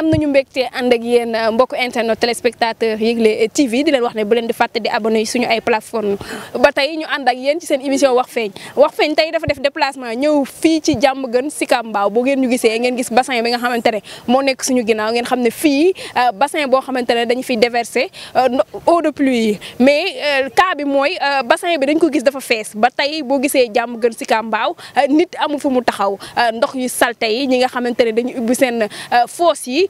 am nañu mbégte ànd ak yéen euh, mbokku internet téléspectateur Yegle TV di leen wax ne bu leen di fàtte di abonné suñu ay plateforme ba tey ñu ànd ak yéen ci seen émission wax feeñ wax feeñ tey dafa def déplacement ñëw fii ci jàmm gën Sicap Mbao bu ngeen ñu gisee ngeen gis bassin bi nga xamante ne moo nekk suñu ginnaaw ngeen xam ne fii euh, bassin boo xamante ne dañu fi déverser euh, eau de pluie yi mais cas bi mooy bassin bi dañ ko gis dafa fees ba tey boo gisee jàmm gën Sicap Mbao nit amu fu mu taxaw ndox yu salte yi ñi nga xamante ne dañu ubbi seen fosse yi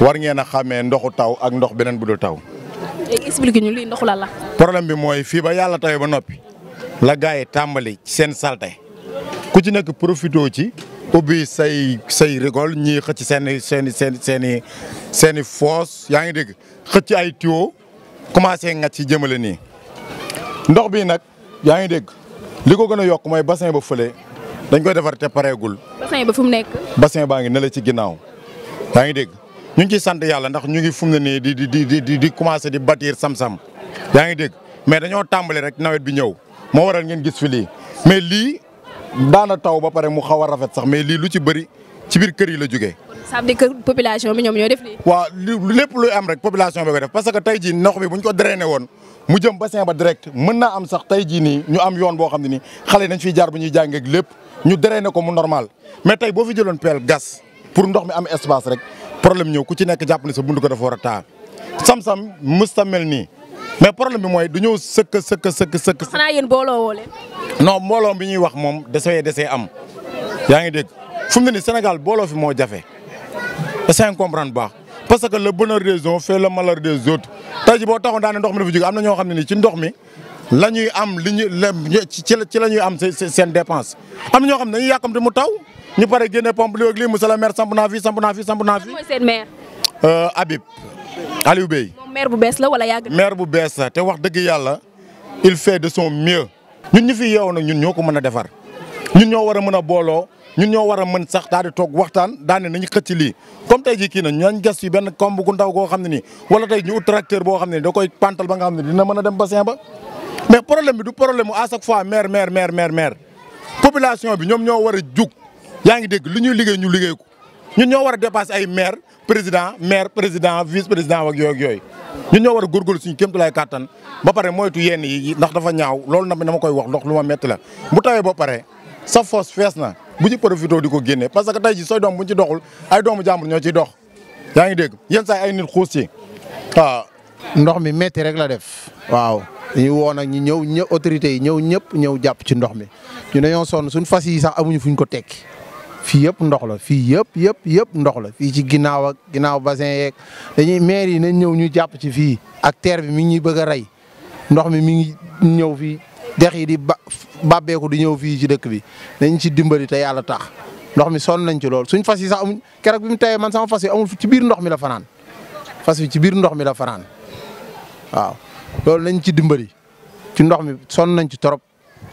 war ngeen a xàmmee ndoxu taw ak ndox benen budul taw. léegi eh, expliqué ñu li ndoxu la la. problème bi moy fi ba yalla tawee ba nopi la seni tambali tàmbali seen salte ku ci nek profito ci ubbi say say rigol ñi xëc sen sen sen sen sen force ya ngi ay tio commencé nga ci jëmele ni ndox bi nak ya ngi dégg liko gëna yok moy bassin ba feulé dañ koy bassin ba fu bassin ba ngi ci ya ngi dégg. ñu ngi ciy sant yàlla ndax ñu ngi fu mu ne nii di di di di commencé di bâtir sam-sam yaa ngi dégg mais dañoo tàmbali rek nawet bi ñëw moo waral ngeen gis fi lii mais lii daana taw ba pare mu xaw a rafet sax mais lii lu ci bëri ci biir kër yi la jógee. ça veut population bi ñoom ñoo def lii. waaw lépp luy am rek population bi ko def parce que tey jii ndox bi bu ñu ko drainer woon mu jëm bassin ba direct mën na am sax tey jii nii ñu am yoon boo xam ne nii xale nañ fiy jaar bu ñuy jàngee lépp ñu drainer ko mu normal mais tey boo fi jëloon peel gas pour ndox mi am espace rek problème ñëw ku ci nekk jàpp ne sa buntu ko dafa war a taa sam-sam mel nii mais problème bi mooy du ñëw sëkk sëkk sëkk sëkk. xanaa yéen booloo woo leen. non mbooloo bi ñuy wax moom desee desee am yaa ngi dégg fu mu ne nii Sénégal booloo fi moo jafe c'est comprendre baax parce que le bonheur des uns fait le malheur des autres tey jii boo ndox mi dafa jóge am na ñoo xam ne nii ci ndox mi la ñuy am li ñu ci la ñuy am seen dépense am na ñoo xam ne dañuy yàkkamte mu taw. ñu paré gëné pompe li ak li musala le maire samp naa fi sampuna fi samp naa fi. mooy seen maire. Euh, Habib Aliou Bey. mon maire bu bess la wala yag maire bu bess la te wax dëgg yalla il fait de son mieux. ñun ñi fi yeewoon nak ñun ñoko mëna défar ñun ñoo wara mëna bolo ñun ñoo wara mëna sax daal di toog waxtaan daane nañu xëc li comme tay ji ki na ñan gas ci ben combu gu ndaw go xam ni wala tay ñu ut tracteur bo xam da koy pantal ba nga xam dina mëna a dem bassin ba mais problème bi du problème à chaque fois maire maire maire maire population bi ñom ñoo wara juk yaa ngi dégg lu ñuy liggéey ñu liggéey ko ñun ñoo war a dépasser ay maire président maire président vice président ak yooyu ak yooyu ñun ñoo war a góorgóorlu suñu kéemtulaay kàttan ba pare moytu yenn yi ndax dafa ñaaw loolu nag dama koy wax ndox lu ma metti la bu tawee ba pare sa foos fees na bu ci profité di ko génne parce que tey ji sooy doom buñ ci doxul ay doomu jàmbur ñoo ci dox yaa ngi dégg yenn saa ay nit xuus ci waaw ndox mi metti rek la def waaw ñu woo nag ñu ñëw ñë autorités yi ñëw ñëpp ñëw jàpp ci ndox mi ñu dañoo sonn suñ fas yi sax amuñu fuñ ko tekki fii yëpp ndox la fii yëpp yëpp yëpp ndox la fii ci ginnaaw ak ginnaaw bassin yeeg dañuy maire yi nañ ñëw ñu jàpp ci fii ak terre bi mi ngi ñuy bëgg a rey ndox mi mi ngi ñëw fii dex yi di ba bàbbeeku di ñëw fii ci dëkk bi nañ ci dimbali te yàlla tax ndox mi son nañ ci lool suñ fas yi sax amuñ keroog bi mu tayee man sama fas yi amul ci biir ndox mi la fanaan fas ci biir ndox mi la fanaan waaw loolu nañ ci dimbali ci ndox mi sonn nañ ci trop.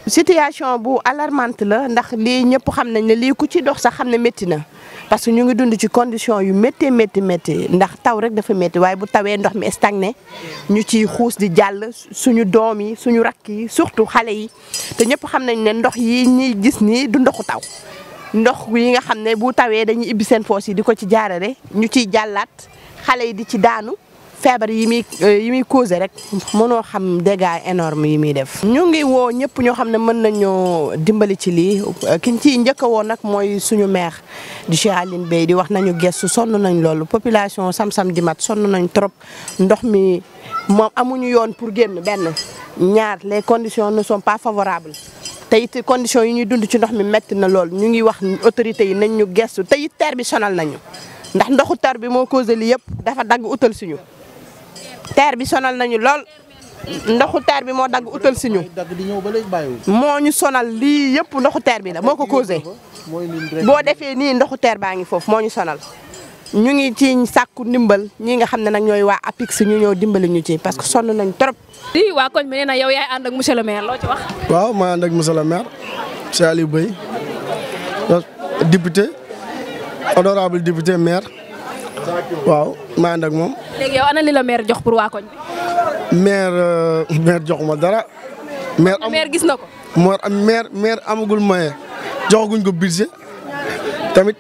situation bu alarmante la ndax li ñëpp xam nañ ne lii ku ci dox sax xam ne métti na parce que ñu ngi dund ci condition yu métti métti métti ndax taw rek dafa métti waaye bu tawee ndox mi stagné ñu ciy xuus di jàll suñu doom yi suñu rakk yi surtout xale yi te ñëpp xam nañ ne ndox yi ñuy gis nii du ndoxu taw ndox yi nga xam ne bu tawee dañuy ibbi seen foos yi di ko ci jaarale ñu ciy jàllaat xale yi di ci daanu feebar yi muy yi muy causé rek mëno xam dégâts énorme yi muy def ñu ngi wo ñëpp ño xamne mën nañu dimbali ci li kiñ ci ñëk wo nak moy suñu maire di Cheikh Aline Bey di wax nañu gessu sonn nañ lool population Sam-Sam di mat sonn nañ trop ndox mi mom amuñu yoon pour génn ben ñaar les conditions ne sont pas favorables te it conditions yi ñuy dund ci ndox mi métti na lool ñu ngi wax autorité yi nañ ñu gessu te terre bi sonal nañu ndax ndoxu terre bi mo causer li yëpp dafa dag utal suñu terre bi sonal nañu lool ndoxu terre bi moo dagg utal si ñu moo ñu sonal lii yëpp ndoxu teer bi la moo ko causé boo defee nii ndoxu teer baa ngi foofu moo ñu sonal ñu ngi ci sàkku ndimbal ñi nga xam ne nag ñooy waa APIX ñu ñëw dimbali ñu ci parce que sonn nañ trop. waa koñ bi nee na yow yaay ànd ak monsieur le maire loo ci waaw maa ànd ak monsieur le maire Cheikh député honorable député maire. waaw maa ànd moom. ana li la maire jox pour waa koñ bi. maire euh, maire jox ma dara. maire am gis na ko. maire am maire maire amagul moyen joxaguñ ko budget tamit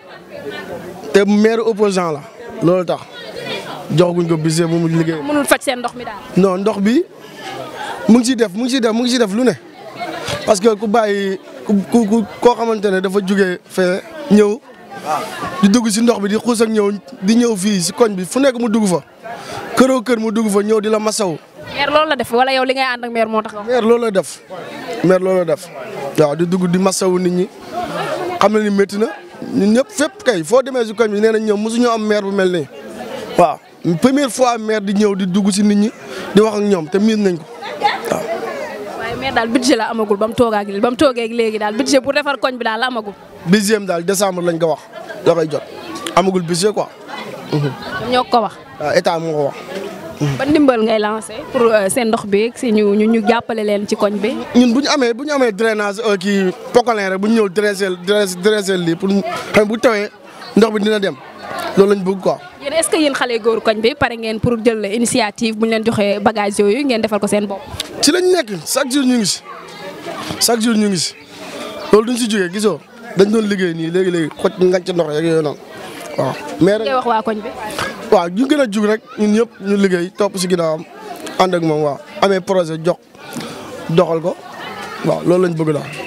te maire opposant la loolu tax joxaguñ ko budget mu liggéey. mënul faj seen ndox mi daal. non ndox bi mu ngi ciy def mu ngi ciy def mu ngi ciy def lu ne parce que ku bàyyi ku koo xamante ne dafa jóge fee ñëw. di dugg si ndox bi di xuus ak ñëw di ñëw fii si bi fu nekk mu dugg fa këroo kër mu dugg fa ñëw di la masaw maire loolu la def wala yow li ngay ànd ak maire moo tax maire loolu def maire loolu def waaw di dugg di masawu nit ñi xam na ni métti na ñëpp fépp kay foo demee si koñ nañ ñoom mosuñoo am maire bu mel nii waaw première fois maire di ñëw di dugg si nit ñi di wax ak ñoom te miin nañ ko waaw. waaye maire daal budget la amagul ba mu toog ak ba mu léegi daal budget pour defar koñ bi daal la amagul. dixième daal décembre lañ ko wax. la koy jot amagul budget quoi. Mhm. ñoo ko wax. Ah, état moo ko wax. Mhm. ba nga ngay lancé pour euh, seen ndox bi si ñu ñu jàppale leen ci koñ bi. ñun bu ñu amee bu ñu amee drainage euh, kii pokolin rek bu ñu ñëw drainage drainage lii pour xam bu tawee ndox bi dina dem loolu lañ bug quoi. yéen est-ce que yéen xale góor koñ bi pare ngeen pour jël initiative bu ñu leen joxee bagage yooyu ngeen defal ko seen bopp. ci lañ nekk chaque jour ñu ngi si chaque jour ñu si loolu duñ si jógee gisoo. dañ doon liggéey nii léegi léegi xoj ngañ ci ndox rek yooyu noonu waaw. mais rek wax waa waaw ñu gën a jug rek ñun ñëpp ñu liggéey topp si ginnaawam ànd ak moom waaw amee projet jox doxal ko waaw loolu lañ bëgg daal.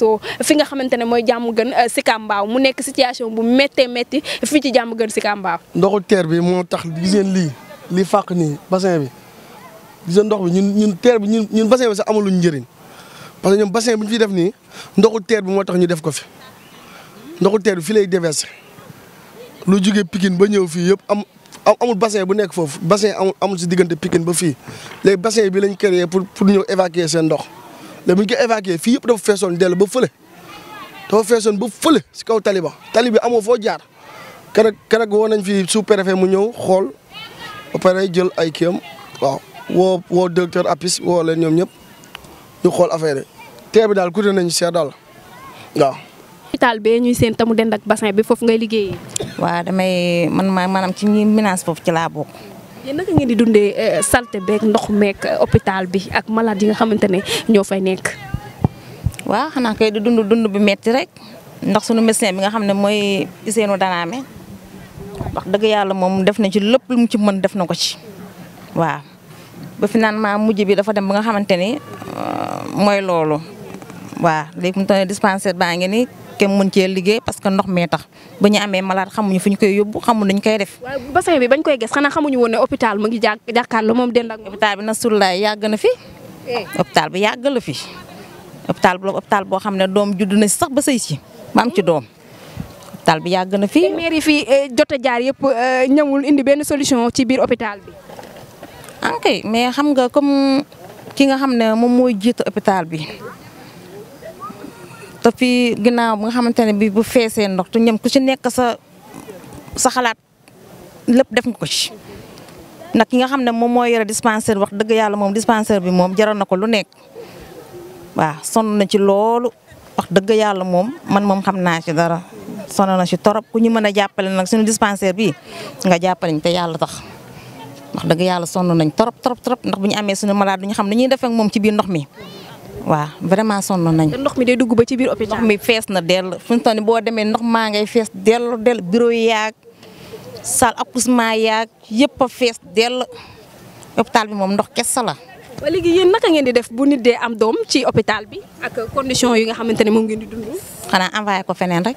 jaxasoo fi nga xamante ne mooy jàmm gën euh, Sicap Mbao mu nekk situation bu méttee métti fii ci jàmm gën si Mbao ndoxu teer bi moo tax gis ngeen lii lii fàq nii bassin bi gis ngeen ndox bi ñun ñun teer bi ñun ñun bassin bi sax amuluñ njëriñ parce que ñoom bassin bi ñu fiy def nii ndoxu teer bi moo tax ñu def ko fi ndoxu teer bi fi lay deves lu jugee pikin ba ñëw fii yëpp am amul bassin bu nekk foofu bassin amul amul si diggante pikin ba fii léegi bassin bi lañ créé pour pour ñëw évacuer seen ndox. la bu ñu fii yëpp dafa feesoon dellu ba fële dafa feesoon ba fële si kaw tali ba tali bi amoo foo jaar keroog keroog woo nañ fi sous-préfet mu ñëw xool ba pare jël ay kiyam waaw woo woo directeur woo leen ñoom ñëpp ñu xool affaire yi tee bi daal coûté nañu cher daal waaw. hôpital bee ñu seen tamu dend ak bassin bi foofu ngay liggéeyee. waa damay man maanaam ci ñi menace foofu ci laa bokk. yéen naka ngeen di dundee eh, salte beeg ndox meeg eh, hôpital bi ak malade yi nga xamante ni ñoo fay nekk. waaw xanaa kay di dund dund bi metti rek ndax sunu médecin bi nga xam ne mooy Ousseynou Dramé wax dëgg yàlla moom def na ci lépp lu mu ci mën def na ko ci waaw. ba finalement mujj bi dafa dem ba nga xamante ni euh, mooy loolu waaw léegi mu toll dispensaire baa ngi ni que mun cee liggéey parce que ndox mee tax bu ñu amee malade xamuñu fu ñu koy yóbbu xamuñ dañ koy def. waaye bassin bi bañ koy ges xanaa xamuñu woon ne hôpital mu ngi jàkkaarloo moom dend ak. bi na sulaay yàgg na fi. Eh. hôpital bi yàgg la fi. hôpital bu hôpital boo xam ne doom judd na sax ba sëy si ba am ci doom. hôpital bi yàgg na fi. te maire eh, jot a jaar yëpp eh, ñëwul indi benn solution ci biir hôpital bi. Ah, ok mais xam nga comme ki nga xam ne moom mooy jiitu hôpital bi. depuis ginnaaw bu nga xamante ne bii bu feesee ndox te ñoom ku ci nekk sa sa xalaat lépp def nga ko ci. nag ki nga xam ne moom mooy yore dispensaire wax dëgg yàlla moom dispensaire bi moom jaral na ko lu nekk waaw sonn na ci loolu wax dëgg yàlla moom man moom xam naa ci dara. sonn na ci torop ku ñu mën a jàppale nag suñu dispensaire bi nga jàppale ñu te yàlla tax wax dëgg yàlla sonn nañ torop torop torop ndax bu ñu amee suñu malade du ñu xam ne ñuy defee moom ci biir ndox mi. waaw vraiment sonn nañu. ndox mi day dugg ba ci biir hôpital. ndox mi fees na dell fu ñu toll boo demee ndox maa ngay fees dell dell bureau yaag salle accouchement yaag yëpp a fees dell hôpital bi moom ndox kese la. ba léegi yéen naka ngeen di def bu nit dee am doom ci hôpital bi ak condition yi nga xamante ne moom ngeen di dund. xanaa envoyé ko feneen rek.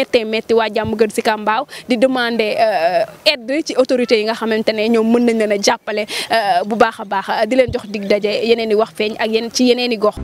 méttee métti waa jàmm gën si kàmbaaw di demander euh, aide ci autorités yi nga xamante ne ñoom mën nañ leen a jàppale euh, bu baax a baax di leen jox dig daje yeneen i wax feeñ ak yeneen ci yeneen i gox